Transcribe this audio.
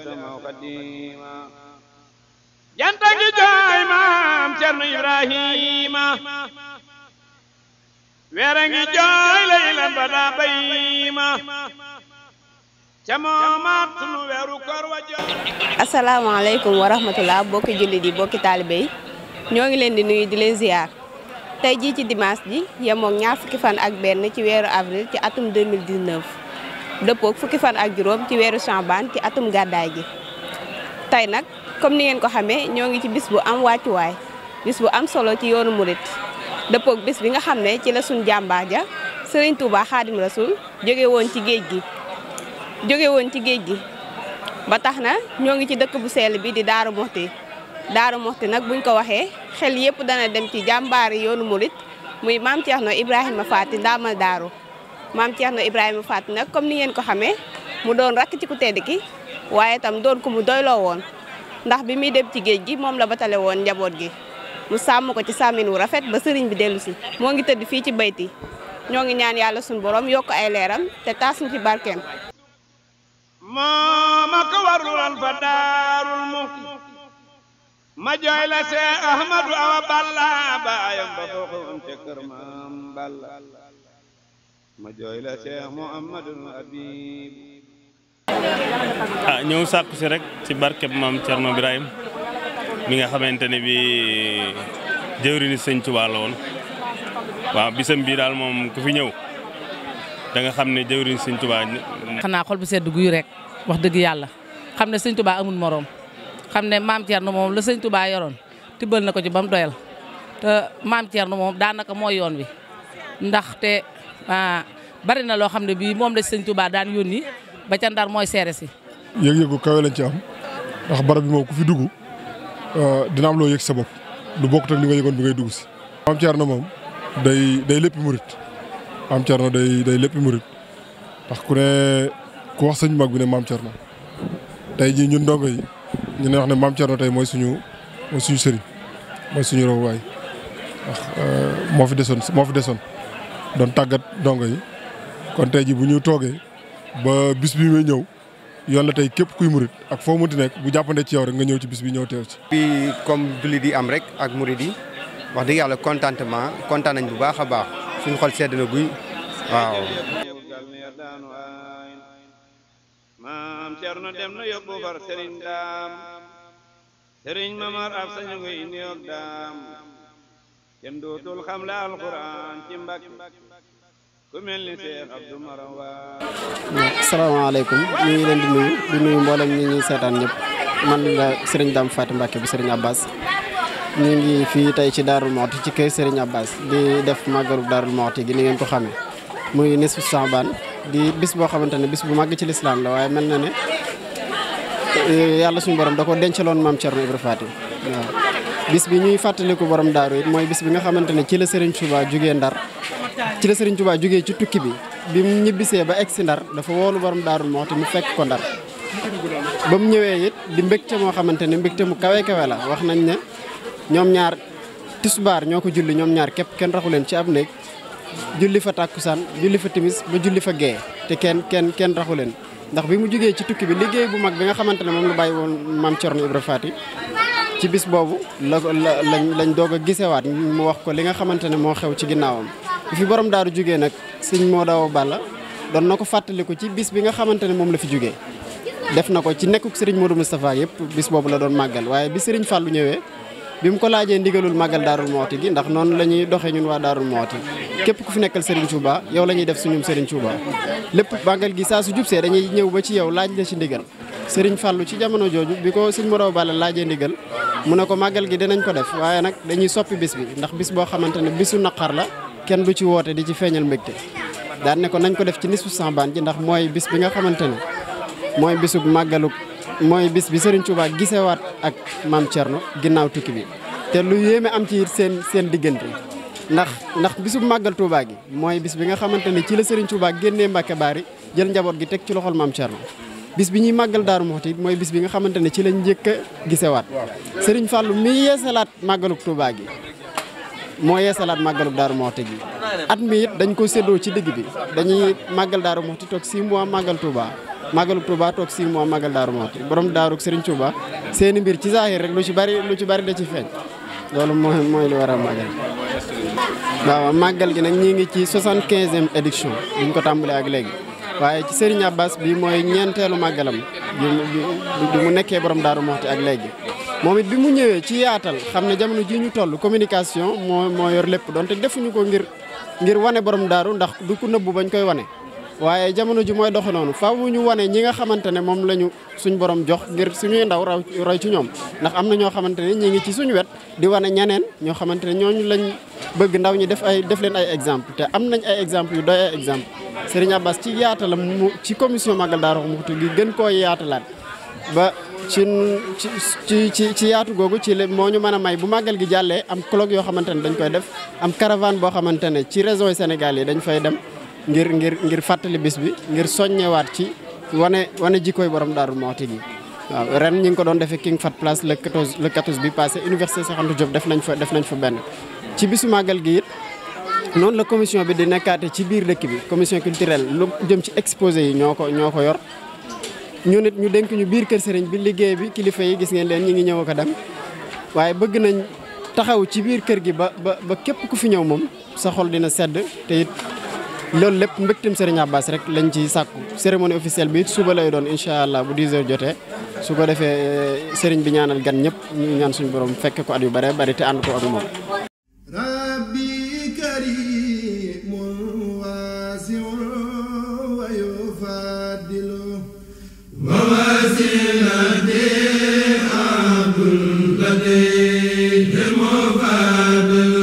xadama xadima janta ngi jooy maam cerno ibrahima wera ngi jooy laylan bada bayima asalaamaaleykum wa rahmatulah bokki talibé ñoo ngi leen di nuyu di leen ziar tay ji ci dimanche ji yamok ñaar fukki fan ak ben ci wéru avril ci atum 2019 dëppoog fukki fan ak juróom ci wéru chamban ci atum gaday gi tay nak comme ni ngeen ko xamé ñoo ngi ci bis bu am way bis bu am solo ci yoonu murit dëppoog bis bi nga xamné ci la sun Serigne Touba khadim Rasul joggé won ci geej gi joggé won ci geej gi ba taxna ñoo ngi ci dekk bu sel bi di Daaru Moxti Daaru Moxti nak buñ ko waxé xel yépp dana dem ci jambaari yoonu murit muy maam Thierno Ibrahima Faty Ndamal Daaru mam Thierno ibrahim fat nak comme ni ngeen ko xamé mu doon rakk ci ku tedd ki waye tam doon ko mu doylo won ndax bi mi dem ci geej gi mom la batalé won njabot gi mu sam ko ci saminu rafet ba serign bi delu ci mo ngi tëdd fi ci bayti ñoo ngi ñaan yalla sun borom yok ay leram te taas ñu ci barkeem maama ko warulan fa fadarul muxti ma joy la see ahmadu awa balla baayam ba ko ca kër maam balla ma jooy la Cheikh Mouhamadul Habib ah ñëw sàkku si rek ci barkeb maam Thierno Birahim mi nga xamante ne bii jëwriñu sëñ Tuubaa la woon waaw bisam bii daal moom ku fi ñëw da xam ne jëwrin sëñ Tuubaa xanaa xol bu sedd guy rek wax dëgg yàlla xam ne sëñ Tuubaa amul moroom xam ne maam Thierno moom la sëñ Tuubaa yoroon tibbal na ko ci ba mu doyal te maam Thierno moom daanaka mooy yoon wi ndaxte Ah, bari na loo xam ne bii moom la sëñ Touba daan yónni ba ca Ndar mooy seere si. yëg-yëgu kawe lañ ci am ndax barab bi moom ku fi dugg ah, dina am loo yëg sa bopp lu bokkut ak li nga yëgoon bi ngay duggu si. Maam na moom day day lépp murit Maam Thierno lépp murit ndax ku ne ku wax sëñ mag bi ne Maam Thierno tey jii ñun ndongo yi ñu ne wax ne Maam Thierno tey mooy suñu mooy suñu mooy suñu robaay ndax ah, moo fi desoon moo fi desoon. doon tàggat dongo yi kon tey ji bu ñu toogee ba bis bi may ñëw yoon la tey képp kuy murit ak foo munti nekk bu jàppande ci yow rek nga ñëw ci bis bi ñëw teew ci. bi comme jullit yi am rek ak murit yi wax dëgg yàlla contentement kontaan nañ bu baax a baax suñu xol sedd na guy waaw. kenn dootul xam la alquran ci mbàkk ku ngi leen di muy du nuyu mboolem ñi ñuy seetaan ñëpp man la Serigne Dame Faty Mbacke bu Serigne Abbas ñu ngi fii tey ci Darou Mouhty ci kër Serigne Abbas di def màggalu Darou Mouhty gi ni ngeen ko xamee muy nisfu Saxbaan di bis boo xamante ne bis bu màgg ci lislaam la waaye mel na ne eh, yàlla suñu borom da ko dencaloon maam Thierno Ibra Faty waaw. bis bi ñuy fàttaliku borom daaru it mooy bis bi nga xamante ne ci la Serigne Touba jugee ndar ci la Serigne Touba jugee ci tukki bi bi mu ñibbisee ba egg si ndar dafa woolu borom daaru moo te mu fekk ko ndar. ba mu ñëwee it di mbégte moo xamante ne mbégte mu kawe kawe la wax nañ ne ñoom ñaar tisbaar ñoo ko julli ñoom ñaar képp kenn raxu leen ci ab néeg julli fa tàkkusaan julli fa timis ba julli fa gee te kenn kenn kenn raxu leen ndax bi mu jugee ci tukki bi liggéey bu mag bi nga xamante ne moom bàyyi woon maam Thierno ci bis boobu la la lañ lañ doog a gisewaat mu wax ko li nga xamante ne moo xew ci ginnaawam bi fi borom daaru jógee nag sëñ moo daw balla doon na ko fàttaliku ci bis bi nga xamante ne moom la fi jógee def na ko ci nekkuk sëriñ Modou Moustapha yëpp bis boobu la doon màggal waaye bi sëriñ Fallou ñëwee bi mu ko laajee ndigalul màggal daarul mooti gi ndax noonu la ñuy doxee ñun waa daarul mooti képp ku fi nekkal Serigne Touba yow la ñuy def suñum Serigne Touba lépp màggal gi saa su jubsee dañuy ñëw ba ci yow laaj la ci ndigal Serigne Fallou ci jamono jooju bi ko Serigne Modaw Balla laajee ndigal mu ne ko màggal gi dinañ ko def waaye nag dañuy soppi bis bi ndax bis boo xamante ne bisu naqar la kenn du ci woote di ci feeñal mbégte daan ne ko nañ ko def ci nisfu Sambaan ji ndax mooy bis bi nga xamante ne mooy bisub màggaluk mooy bis bi Serigne Touba gisewaat ak maam Thierno ginnaaw tukki bi te lu yéeme am ci seen seen diggante ndax ndax bisub màggal Touba gi mooy bis bi nga xamante ne ci la Serigne Touba génnee Mbàkke Baari jël njaboot gi teg ci loxol maam Thierno bis bi ñuy màggal Daaru Muxti mooy bis bi nga xamante ne ci lañ njëkk a gisewaat Serigne fàllu mi yeesalaat màggaluk Touba gi moo yeesalaat màggaluk Daaru Muxti gi at mi it dañ ko seddoo ci digg bi dañuy màggal Daaru Muxti toog 6 mois màggal Touba màggaluk Touba toog 6 mois màggal Daaru Muxti borom daaruk Serigne Touba seeni mbir ci zahir rek lu ci bari lu ci bari da ci feeñ loolu mooy mooy li war a màggal waaw gi nag ñi ngi ci 75e édition bi ñu ko tàmbalee ak léegi waaye ci Serigne Abbas bi mooy ñeenteelu màggalam bi mu nekkee borom Daaru Muxti ak léegi moom it bi mu ñëwee ci yaatal xam ne jamono ji ñu toll communication moo moo yor lépp donte defuñu ko ngir ngir wane borom daaru ndax du ko nëbbu bañ koy wane waaye jamono ji mooy doxe noonu faaw ñu wane ñi nga xamante ne moom la ñu suñ borom jox ngir suñuy ndaw raw roy ci ñoom ndax am na ñoo xamante ne ñi ngi ci suñu wet di wane ñeneen ñoo xamante ne ñooñu lañu bëgg ndaw ñi def ay def leen ay exemple te am nañ ay exemple yu doy ay exemple Serigne Abbas ci yaatalam mu ci commission Magal Daaru Muxti gi gën koo yaatalaat ba ci ci ci ci yaatu googu ci moo ñu mën a may bu màggal gi jàllee am colloque yoo xamante ne dañ koy def am caravane boo xamante ne ci régions yi Sénégal yi dañ fay dem ngir ngir ngir fàttali bis bi ngir soññeewaat ci wane wane jikkooy borom Daaru Muxti gi waaw ren ñi ngi ko doon defee King Fat Place le 14 le 14 bi passé université Cheikh Anta Diop def nañ fa def nañ fa benn. ci bisu màggal gi it noonu la commission bi di nekkaate ci biir dëkk bi commission culturelle lu jëm ci exposé yi ñoo ko ñoo ko yor ñu nit ñu dénk ñu biir kër sëriñ bi liggéey bi kilifa yi gis ngeen leen ñi ngi ñëw ak a dem waaye bëgg nañ taxaw ci biir kër gi ba ba ba képp ku fi ñëw moom sa xol dina sedd te lol lepp mbektim Serigne Abbas rek lañ ci sakku cérémonie officielle bi suba lay doon inshallah bu 10h jotee su ko defee eh, Serigne bi ñaanal gan ñep ñu ñaan suñu borom fekk ko at yu bare bari te ànd ko ak mom rabbi karimun wasi'un wa yufadilu ووسيلتي عبد لديه مفادل